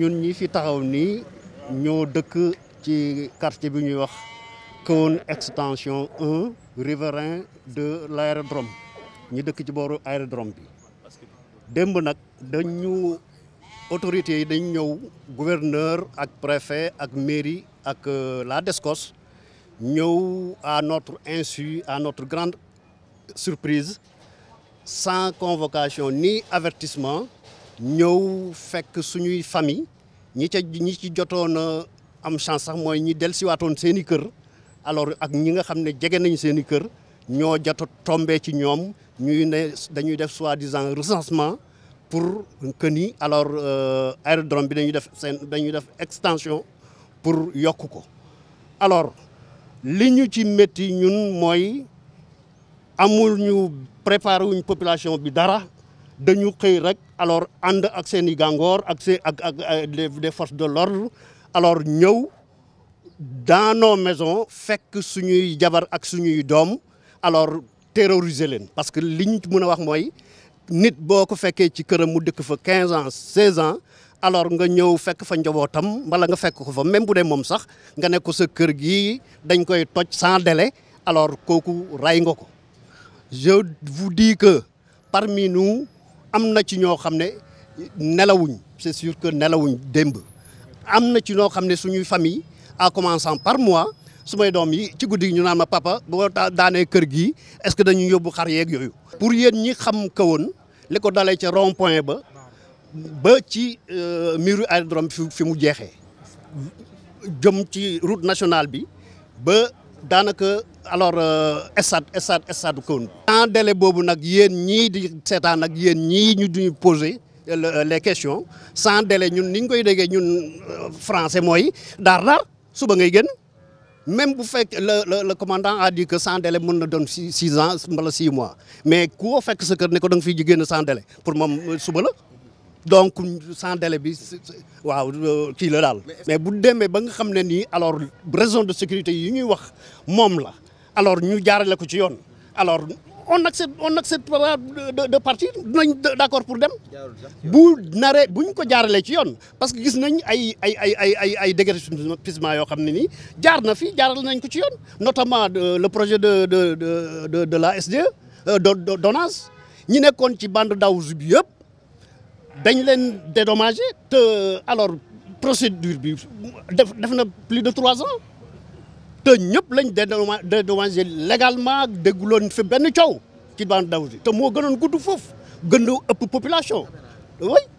ñun ñi fi taxaw nii ñoo dëkk ci quartier bi ñuy wax extension 1 riverain de l'aérodrome. Nous sommes dëkk ci booru aérodrome bi démb nag dañu autorités dañ ñëw gouverneur ak préfet ak mairie ak euh, la DSCOS ñëw à notre insu à notre grande surprise sans convocation ni avertissement ñëw fekk suñuy famille ñi ca ñi ci jotoon a am chance sax ni ñi dellusiwaatoon seen i kër alors ak ñi nga xam ne jege nañ seen i kër ñoo jot tombé ci ñoom ñuy ne dañuy def soi-disant recensement pour que ni alors euh, aérodrome bi dañuy def dañuy def extension pour yokk alors li ñu ci métti ñun mooy amul ñu préparé une population bi dara dañu xey rek alors and ak seen gangor, ak ak des euh, forces de l'ordre alors ñëw dans nos maisons fekk suñuy jabar ak suñuy doom alors terroriser len parce que liñ mëna wax moy nit boko ko ci këram mu dëkk fa 15 ans 16 ans alors nga ñëw fekk fa njabotam wala nga fekk ko fa même bu dé mom sax nga ne ko sa kër gi dañ koy toj sans délai alors koku ray nga ko je vous dis que parmi nous amna ci ñoo xamné nelawuñ c'est sûr que nelawuñ demb amna ci ñoo xamné suñu famille en commençant par moi sumay dom yi ci goudi ñu naan ma papa boo daanee kër gi est-ce que dañu yóbbu xar yeeg yoyu pour yeen ñi xam ka woon li ko dalee rond point ba ba ci euh, miru aérodrome fi mu jéxé jëm ci route nationale bi ba danaka alors essad essad stade Koundou. en délai bobu nak yeen ñi di seetaan ak yeen ñi ñu duñu poser euh, euh, les questions sans délai ñun ni ñu koy ñun euh, français moy dar dar suba ngay gën même bu fek le le le commandant a dit que sans délai mën na doon six ans mbala six mois mais ko fek ce kër ne ko da fi fiy génn sans délai pour mom suba la donc sans délai bi waaw euh, kii la mais bu demee ba nga xamné ni alors raison de sécurité yi ñuy wax mom la alors ñu jaarale ko ci yoon alors on accepte on acceptera de de partir d'accord pour dem. bu naree buñ ko jaaralee ci yoon parce que gis nañ ay ay ay ay ay ay déguerpissement yo xamné ni nii jaar na fi jaaral nañ ko ci yoon notamment euh, le projet de de de de la SD, de euh, de d'ONAS ñi nekkoon ci bande d'Aouzou bi dañ leen dédommagé te alors procédure bi def def na plus de trois ans te ñëpp lañ dédommagé légalement dégguloon fi benn coow ci bande Daouda te mo gënoon gudd de gën a ëpp population oui